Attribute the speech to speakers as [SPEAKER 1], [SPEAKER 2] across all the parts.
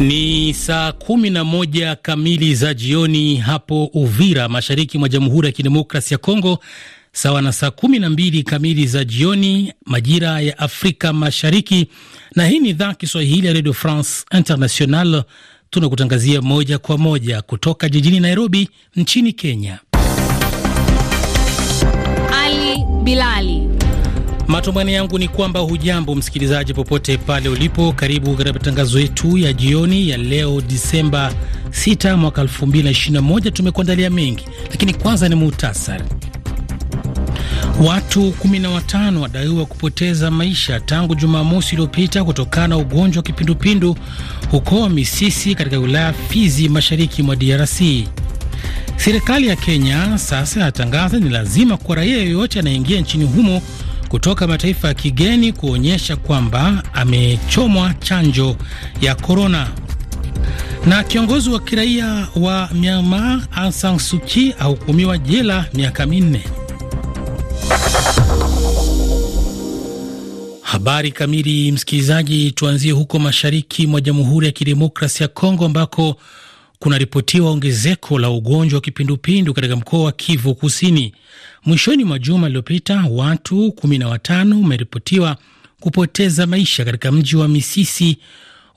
[SPEAKER 1] Ni saa kumi na moja kamili za jioni hapo Uvira, mashariki mwa Jamhuri ya Kidemokrasi ya Kongo, sawa na saa kumi na mbili kamili za jioni majira ya Afrika Mashariki. Na hii ni idhaa Kiswahili ya Radio France International, tunakutangazia moja kwa moja kutoka jijini Nairobi nchini Kenya.
[SPEAKER 2] Ali Bilali
[SPEAKER 1] Matumani yangu ni kwamba hujambo msikilizaji, popote pale ulipo. Karibu katika matangazo yetu ya jioni ya leo Disemba 6 mwaka 2021. Tumekuandalia mengi, lakini kwanza ni muhtasari. Watu 15 wadaiwa kupoteza maisha tangu Jumamosi iliyopita kutokana na ugonjwa wa kipindupindu huko Misisi katika wilaya Fizi mashariki mwa DRC. Serikali ya Kenya sasa inatangaza ni lazima kwa raia yoyote anaingia nchini humo kutoka mataifa ya kigeni kuonyesha kwamba amechomwa chanjo ya korona. Na kiongozi wa kiraia wa Myanmar Aung San Suu Kyi ahukumiwa jela miaka minne. Habari kamili, msikilizaji, tuanzie huko mashariki mwa Jamhuri ya Kidemokrasia ya Kongo ambako kunaripotiwa ongezeko la ugonjwa wa kipindupindu katika mkoa wa Kivu Kusini. Mwishoni mwa juma lililopita, watu kumi na watano wameripotiwa kupoteza maisha katika mji wa Misisi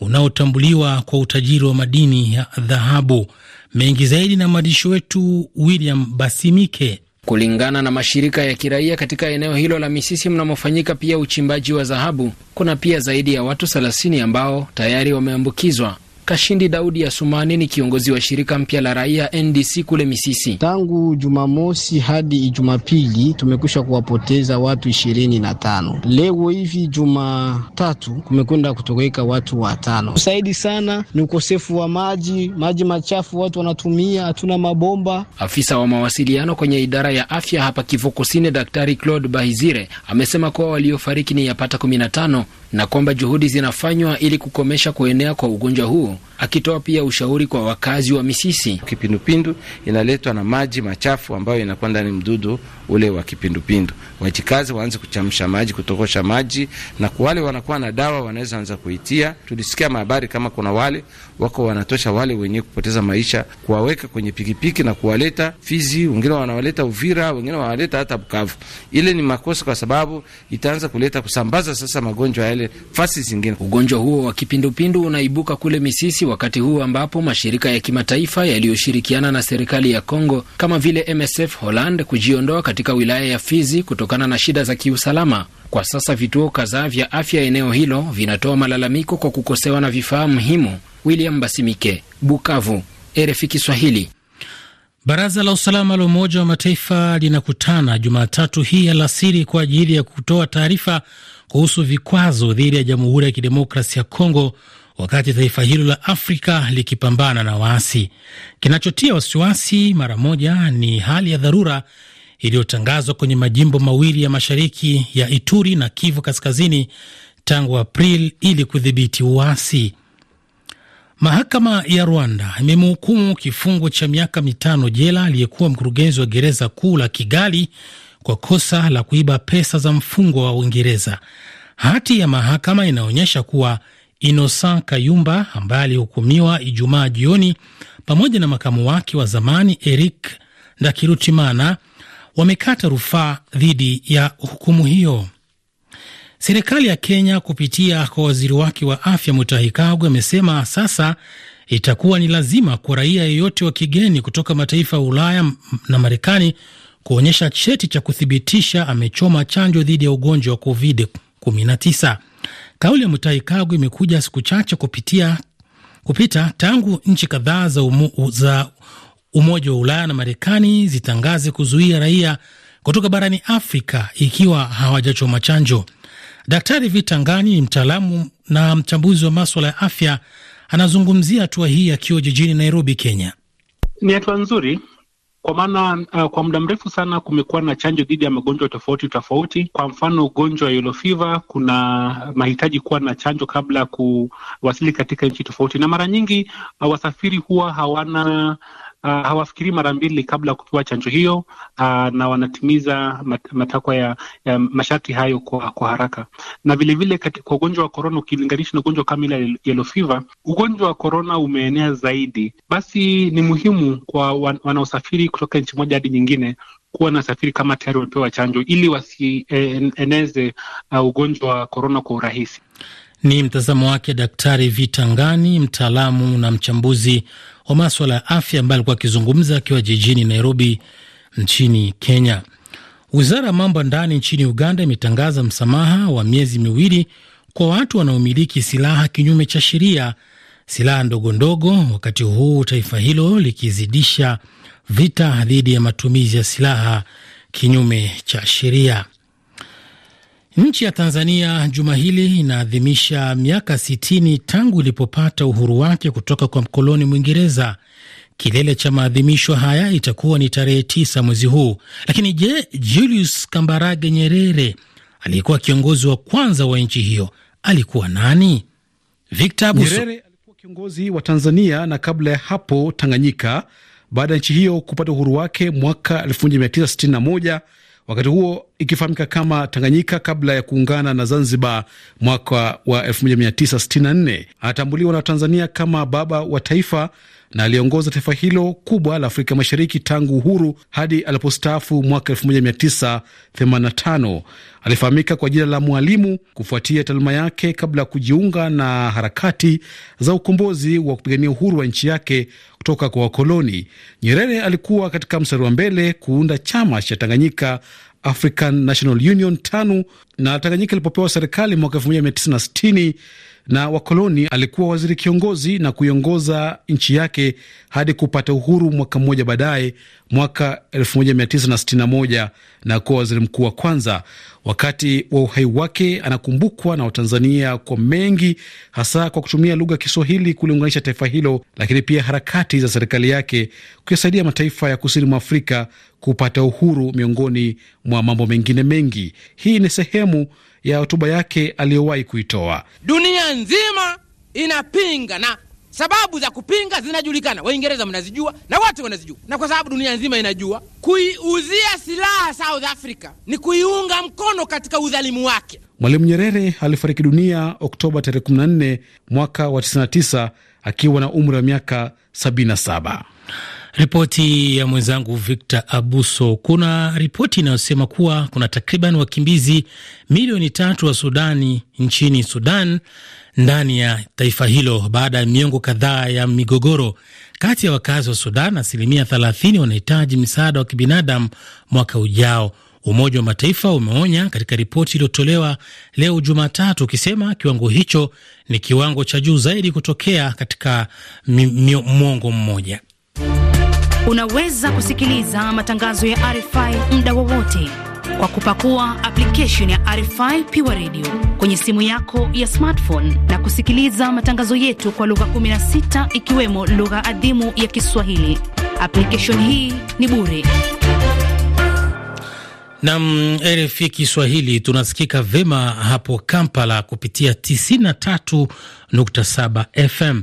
[SPEAKER 1] unaotambuliwa kwa utajiri wa madini ya dhahabu. Mengi zaidi na mwandishi wetu William Basimike.
[SPEAKER 3] Kulingana na mashirika ya kiraia katika eneo hilo la Misisi mnamofanyika pia uchimbaji wa dhahabu, kuna pia zaidi ya watu 30 ambao tayari wameambukizwa. Kashindi Daudi Asumani ni kiongozi wa shirika mpya la raia NDC kule Misisi. Tangu Jumamosi hadi Jumapili tumekwisha kuwapoteza watu ishirini na tano. Leo hivi Jumatatu kumekwenda kutokeka watu watano. Usaidi sana ni ukosefu wa maji, maji machafu watu wanatumia, hatuna mabomba. Afisa wa mawasiliano kwenye idara ya afya hapa Kivu Kusini, Daktari Claude Bahizire amesema kuwa waliofariki ni yapata kumi na tano na kwamba juhudi zinafanywa ili kukomesha kuenea kwa ugonjwa huu akitoa pia ushauri kwa wakazi wa Misisi. Kipindupindu inaletwa na maji machafu ambayo inakuwa ndani mdudu ule wa kipindupindu. Wajikazi waanze kuchamsha maji, kutokosha maji, na kwa wale wanakuwa na dawa wanaweza anza kuitia. Tulisikia mahabari kama kuna wale wako wanatosha wale wenye kupoteza maisha, kuwaweka kwenye pikipiki na kuwaleta Fizi, wengine wanawaleta Uvira, wengine wanawaleta hata Bukavu. Ile ni makosa, kwa sababu itaanza kuleta kusambaza sasa magonjwa yale fasi zingine. Ugonjwa huo wa kipindupindu unaibuka kule Misisi wakati huu ambapo mashirika ya kimataifa yaliyoshirikiana na serikali ya Kongo kama vile MSF Holland kujiondoa katika wilaya ya Fizi kutokana na shida za kiusalama. Kwa sasa vituo kadhaa vya afya eneo hilo vinatoa malalamiko kwa kukosewa na vifaa muhimu. William Basimike, Bukavu, RFI Kiswahili.
[SPEAKER 1] Baraza la usalama la Umoja wa Mataifa linakutana Jumatatu hii alasiri kwa ajili ya kutoa taarifa kuhusu vikwazo dhidi ya Jamhuri ya Kidemokrasi ya Kongo wakati taifa hilo la Afrika likipambana na waasi. Kinachotia wasiwasi mara moja ni hali ya dharura iliyotangazwa kwenye majimbo mawili ya mashariki ya Ituri na Kivu Kaskazini tangu april ili kudhibiti uasi. Mahakama ya Rwanda imemhukumu kifungo cha miaka mitano jela aliyekuwa mkurugenzi wa gereza kuu la Kigali kwa kosa la kuiba pesa za mfungwa wa Uingereza. Hati ya mahakama inaonyesha kuwa Innocent Kayumba ambaye alihukumiwa Ijumaa jioni pamoja na makamu wake wa zamani Eric Ndakirutimana wamekata rufaa dhidi ya hukumu hiyo. Serikali ya Kenya kupitia kwa waziri wake wa afya Mutahi Kagwe amesema sasa itakuwa ni lazima kwa raia yeyote wa kigeni kutoka mataifa ya Ulaya na Marekani kuonyesha cheti cha kuthibitisha amechoma chanjo dhidi ya ugonjwa wa COVID-19. Kauli ya Mutahi Kagwe imekuja siku chache kupitia kupita tangu nchi kadhaa za, umo, za Umoja wa Ulaya na Marekani zitangaze kuzuia raia kutoka barani Afrika ikiwa hawajachoma chanjo. Daktari Vitangani ni mtaalamu na mchambuzi wa maswala ya afya, anazungumzia hatua hii akiwa jijini Nairobi, Kenya.
[SPEAKER 4] Ni hatua nzuri kwa maana uh, kwa muda mrefu sana kumekuwa na chanjo dhidi ya magonjwa tofauti tofauti. Kwa mfano ugonjwa wa yellow fever, kuna mahitaji kuwa na chanjo kabla ya kuwasili katika nchi tofauti, na mara nyingi uh, wasafiri huwa hawana uh, ah, hawafikirii mara mbili kabla ya kupewa chanjo hiyo uh, na wanatimiza matakwa ya, ya masharti hayo kwa, kwa haraka. Na vilevile vile kwa ugonjwa wa korona, ukilinganisha na ugonjwa kama ile yellow fever, ugonjwa wa korona umeenea zaidi. Basi ni muhimu kwa wanaosafiri kutoka nchi moja hadi nyingine kuwa na safiri kama tayari wamepewa chanjo ili wasieneze uh, ugonjwa wa korona kwa urahisi. Ni
[SPEAKER 1] mtazamo wake Daktari Vita Ngani, mtaalamu na mchambuzi wa maswala ya afya, ambaye alikuwa akizungumza akiwa jijini Nairobi nchini Kenya. Wizara ya mambo ya ndani nchini Uganda imetangaza msamaha wa miezi miwili kwa watu wanaomiliki silaha kinyume cha sheria, silaha ndogo ndogo, wakati huu taifa hilo likizidisha vita dhidi ya matumizi ya silaha kinyume cha sheria. Nchi ya Tanzania juma hili inaadhimisha miaka 60 tangu ilipopata uhuru wake kutoka kwa mkoloni Mwingereza. Kilele cha maadhimisho haya itakuwa ni tarehe tisa mwezi huu. Lakini je, Julius Kambarage Nyerere aliyekuwa kiongozi wa kwanza wa nchi hiyo alikuwa nani?
[SPEAKER 4] Victor Abuso. Nyerere alikuwa kiongozi wa Tanzania na kabla ya hapo Tanganyika, baada ya nchi hiyo kupata uhuru wake mwaka 1961 wakati huo ikifahamika kama Tanganyika kabla ya kuungana na Zanzibar mwaka wa 1964. Anatambuliwa na Tanzania kama baba wa taifa na aliongoza taifa hilo kubwa la Afrika Mashariki tangu uhuru hadi alipostaafu mwaka 1985. Alifahamika kwa jina la Mwalimu kufuatia taaluma yake kabla ya kujiunga na harakati za ukombozi wa kupigania uhuru wa nchi yake kutoka kwa wakoloni. Nyerere alikuwa katika mstari wa mbele kuunda chama cha Tanganyika African National Union TANU, na Tanganyika ilipopewa serikali mwaka 1960 na wakoloni. Alikuwa waziri kiongozi na kuiongoza nchi yake hadi kupata uhuru mwaka mmoja baadaye, mwaka 1961 na, kuwa waziri mkuu wa kwanza. Wakati wa uhai wake anakumbukwa na Watanzania kwa mengi, hasa kwa kutumia lugha ya Kiswahili kuliunganisha taifa hilo, lakini pia harakati za serikali yake kuyasaidia mataifa ya kusini mwa Afrika kupata uhuru, miongoni mwa mambo mengine mengi. Hii ni sehemu ya hotuba yake aliyowahi kuitoa.
[SPEAKER 1] Dunia nzima inapinga na sababu za kupinga zinajulikana, Waingereza mnazijua na wote wanazijua, na kwa sababu dunia nzima inajua, kuiuzia silaha South Africa ni kuiunga mkono katika udhalimu wake.
[SPEAKER 4] Mwalimu Nyerere alifariki dunia Oktoba tarehe 14 mwaka wa 99 akiwa na umri wa miaka 77.
[SPEAKER 1] Ripoti ya mwenzangu Victor Abuso. Kuna ripoti inayosema kuwa kuna takriban wakimbizi milioni tatu wa Sudani nchini Sudan ndani ya taifa hilo baada ya miongo kadhaa ya migogoro. Kati ya wakazi wa Sudan, asilimia 30 wanahitaji msaada wa kibinadamu mwaka ujao. Umoja wa Mataifa umeonya katika ripoti iliyotolewa leo Jumatatu ukisema kiwango hicho ni kiwango cha juu zaidi kutokea katika mwongo mmoja.
[SPEAKER 2] Unaweza kusikiliza matangazo ya RFI muda wowote kwa kupakua application ya RFI Pure Radio kwenye simu yako ya smartphone na kusikiliza matangazo yetu kwa lugha 16 ikiwemo lugha adhimu ya Kiswahili. Application hii ni bure.
[SPEAKER 1] Nam RFI Kiswahili tunasikika vema hapo Kampala kupitia 93.7 FM.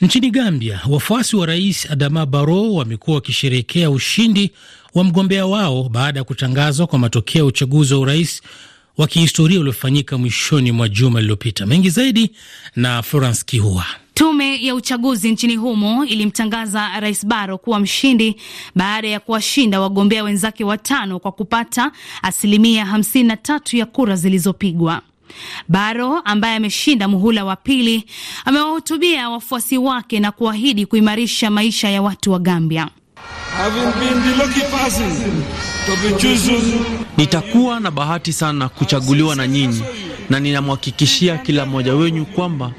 [SPEAKER 1] Nchini Gambia, wafuasi wa rais Adama Barrow wamekuwa wakisherehekea ushindi wa mgombea wao baada ya kutangazwa kwa matokeo ya uchaguzi wa urais wa kihistoria uliofanyika mwishoni mwa juma lililopita. Mengi zaidi na Florence Kihua.
[SPEAKER 2] Tume ya uchaguzi nchini humo ilimtangaza Rais Baro kuwa mshindi baada ya kuwashinda wagombea wenzake watano kwa kupata asilimia 53 ya kura zilizopigwa baro ambaye ameshinda muhula wa pili amewahutubia wafuasi wake na kuahidi kuimarisha maisha ya watu wa Gambia.
[SPEAKER 1] Nitakuwa na bahati sana kuchaguliwa na nyinyi, na ninamhakikishia kila mmoja wenyu kwamba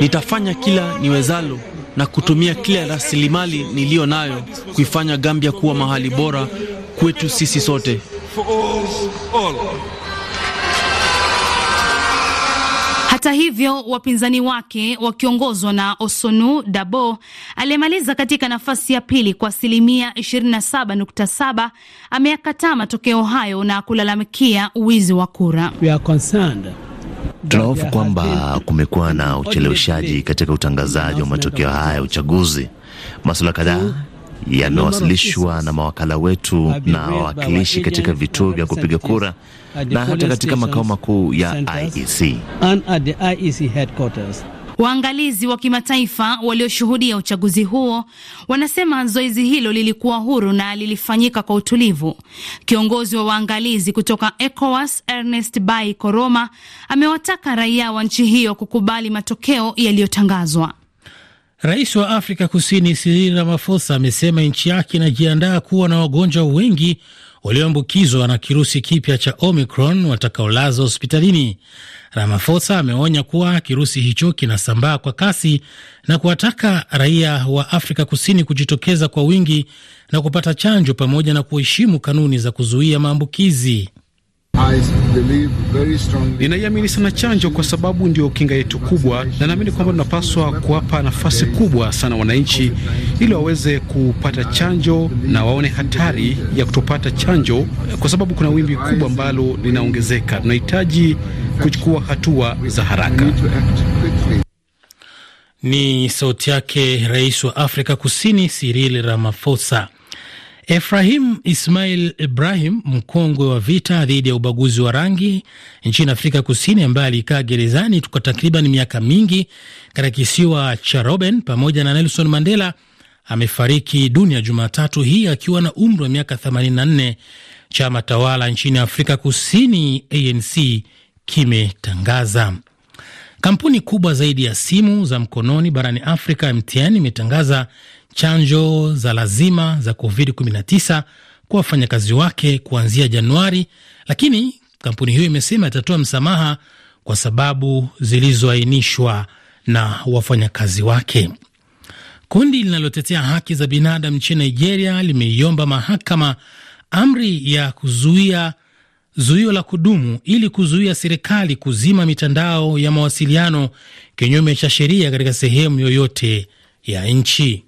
[SPEAKER 1] nitafanya kila niwezalo na kutumia kila rasilimali niliyo nayo kuifanya Gambia kuwa mahali bora kwetu sisi sote.
[SPEAKER 2] Hata hivyo, wapinzani wake wakiongozwa na Osonu Dabo aliyemaliza katika nafasi ya pili kwa asilimia 27.7 ameyakataa matokeo hayo na kulalamikia uwizi wa kura.
[SPEAKER 5] Tunahofu kwamba kumekuwa na ucheleweshaji katika utangazaji wa matokeo haya ya uchaguzi. Masuala kadhaa yamewasilishwa na mawakala wetu na wawakilishi katika vituo vya kupiga kura na hata katika makao makuu ya IEC.
[SPEAKER 3] E
[SPEAKER 2] waangalizi wa kimataifa walioshuhudia uchaguzi huo wanasema zoezi hilo lilikuwa huru na lilifanyika kwa utulivu. Kiongozi wa waangalizi kutoka ECOWAS Ernest Bai Koroma amewataka raia wa nchi hiyo kukubali matokeo yaliyotangazwa.
[SPEAKER 1] Rais wa Afrika Kusini Cyril Ramaphosa amesema nchi yake inajiandaa kuwa na wagonjwa wengi walioambukizwa na kirusi kipya cha Omicron watakaolazwa hospitalini. Ramaphosa ameonya kuwa kirusi hicho kinasambaa kwa kasi na kuwataka raia wa Afrika Kusini kujitokeza kwa wingi na kupata chanjo pamoja na kuheshimu kanuni za kuzuia maambukizi.
[SPEAKER 4] Ninaiamini sana chanjo kwa sababu ndio kinga yetu kubwa, na naamini kwamba tunapaswa kuwapa nafasi kubwa sana wananchi ili waweze kupata chanjo na waone hatari ya kutopata chanjo, kwa sababu kuna wimbi kubwa ambalo linaongezeka. Tunahitaji kuchukua hatua za haraka.
[SPEAKER 1] Ni sauti yake Rais wa Afrika Kusini Cyril Ramaphosa. Efrahim Ismail Ibrahim, mkongwe wa vita dhidi ya ubaguzi wa rangi nchini Afrika Kusini, ambaye alikaa gerezani kwa takriban miaka mingi katika kisiwa cha Robben pamoja na Nelson Mandela, amefariki dunia Jumatatu hii akiwa na umri wa miaka 84. Chama tawala nchini Afrika Kusini ANC kimetangaza. Kampuni kubwa zaidi ya simu za mkononi barani Afrika, MTN, imetangaza chanjo za lazima za COVID-19 kwa wafanyakazi wake kuanzia Januari, lakini kampuni hiyo imesema itatoa msamaha kwa sababu zilizoainishwa na wafanyakazi wake. Kundi linalotetea haki za binadamu nchini Nigeria limeiomba mahakama amri ya kuzuia zuio la kudumu ili kuzuia serikali kuzima mitandao ya mawasiliano kinyume cha sheria katika sehemu yoyote ya nchi.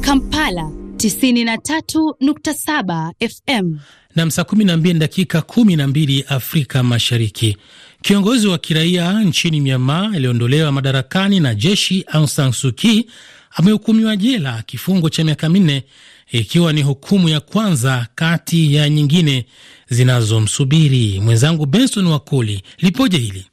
[SPEAKER 2] Kampala 93.7 FM
[SPEAKER 1] na saa 12 na dakika 12 Afrika Mashariki. Kiongozi wa kiraia nchini Myanmar aliondolewa madarakani na jeshi Aung San Suu Kyi amehukumiwa jela kifungo cha miaka minne ikiwa ni hukumu ya kwanza kati ya nyingine zinazomsubiri. Mwenzangu Benson Wakoli lipoje
[SPEAKER 5] hili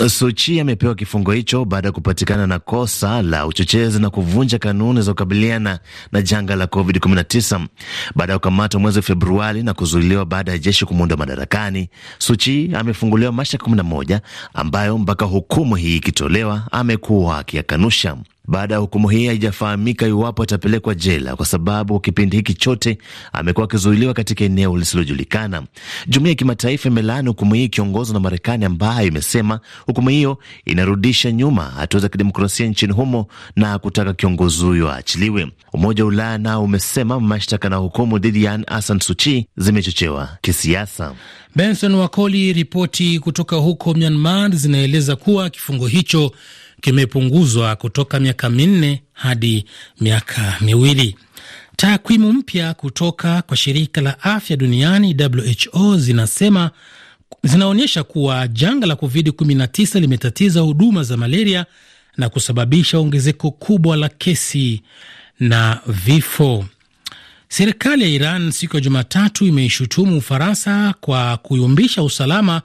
[SPEAKER 5] Eh, Suchi amepewa kifungo hicho baada ya kupatikana na kosa la uchochezi na kuvunja kanuni za kukabiliana na janga la COVID-19 baada ya kukamatwa mwezi Februari na kuzuiliwa baada ya jeshi kumuondoa madarakani. Suchi amefunguliwa mashtaka 11 ambayo mpaka hukumu hii ikitolewa amekuwa akiyakanusha. Baada ya hukumu hii, haijafahamika iwapo atapelekwa jela, kwa sababu kwa kipindi hiki chote amekuwa akizuiliwa katika eneo lisilojulikana. Jumuiya ya kimataifa imelaani hukumu hii ikiongozwa na Marekani, ambayo imesema hukumu hiyo inarudisha nyuma hatua za kidemokrasia nchini humo na kutaka kiongozi huyo aachiliwe. Umoja wa Ulaya nao umesema mashtaka na hukumu dhidi ya Asan Suchi zimechochewa kisiasa. Benson Wakoli. Ripoti kutoka huko
[SPEAKER 1] Myanmar zinaeleza kuwa kifungo hicho kimepunguzwa kutoka miaka minne hadi miaka miwili. Takwimu mpya kutoka kwa shirika la afya duniani WHO zinasema zinaonyesha kuwa janga la COVID-19 limetatiza huduma za malaria na kusababisha ongezeko kubwa la kesi na vifo. Serikali ya Iran siku ya Jumatatu imeishutumu Ufaransa kwa kuyumbisha usalama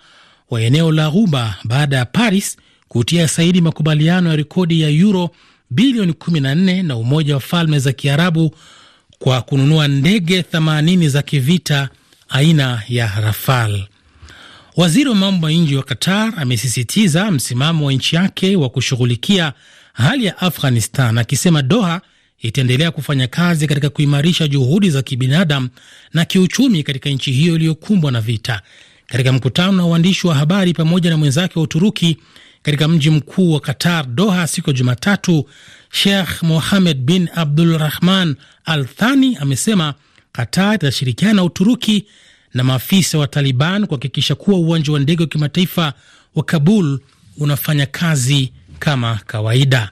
[SPEAKER 1] wa eneo la Ghuba baada ya Paris kutia saidi makubaliano ya rekodi ya yuro bilioni 14 na Umoja wa Falme za Kiarabu kwa kununua ndege 80 za kivita aina ya Rafal. Waziri wa mambo ya nje wa Qatar amesisitiza msimamo wa nchi yake wa kushughulikia hali ya Afghanistan, akisema Doha itaendelea kufanya kazi katika kuimarisha juhudi za kibinadamu na kiuchumi katika nchi hiyo iliyokumbwa na vita. Katika mkutano na waandishi wa habari pamoja na mwenzake wa Uturuki, katika mji mkuu wa Qatar, Doha, siku ya Jumatatu, Sheikh Mohammed bin Abdul Rahman Al Thani amesema Qatar itashirikiana na Uturuki na maafisa wa Taliban kuhakikisha kuwa uwanja wa ndege wa kimataifa wa Kabul unafanya kazi kama kawaida.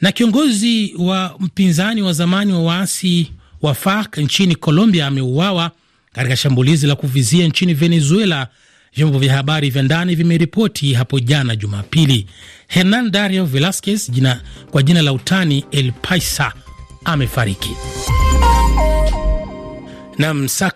[SPEAKER 1] Na kiongozi wa mpinzani wa zamani wa waasi wa FARC nchini Colombia ameuawa katika shambulizi la kuvizia nchini Venezuela vyombo vya habari vya ndani vimeripoti hapo jana Jumapili. Hernan Dario Velasquez jina, kwa jina la utani El
[SPEAKER 2] Paisa amefariki. Nam saa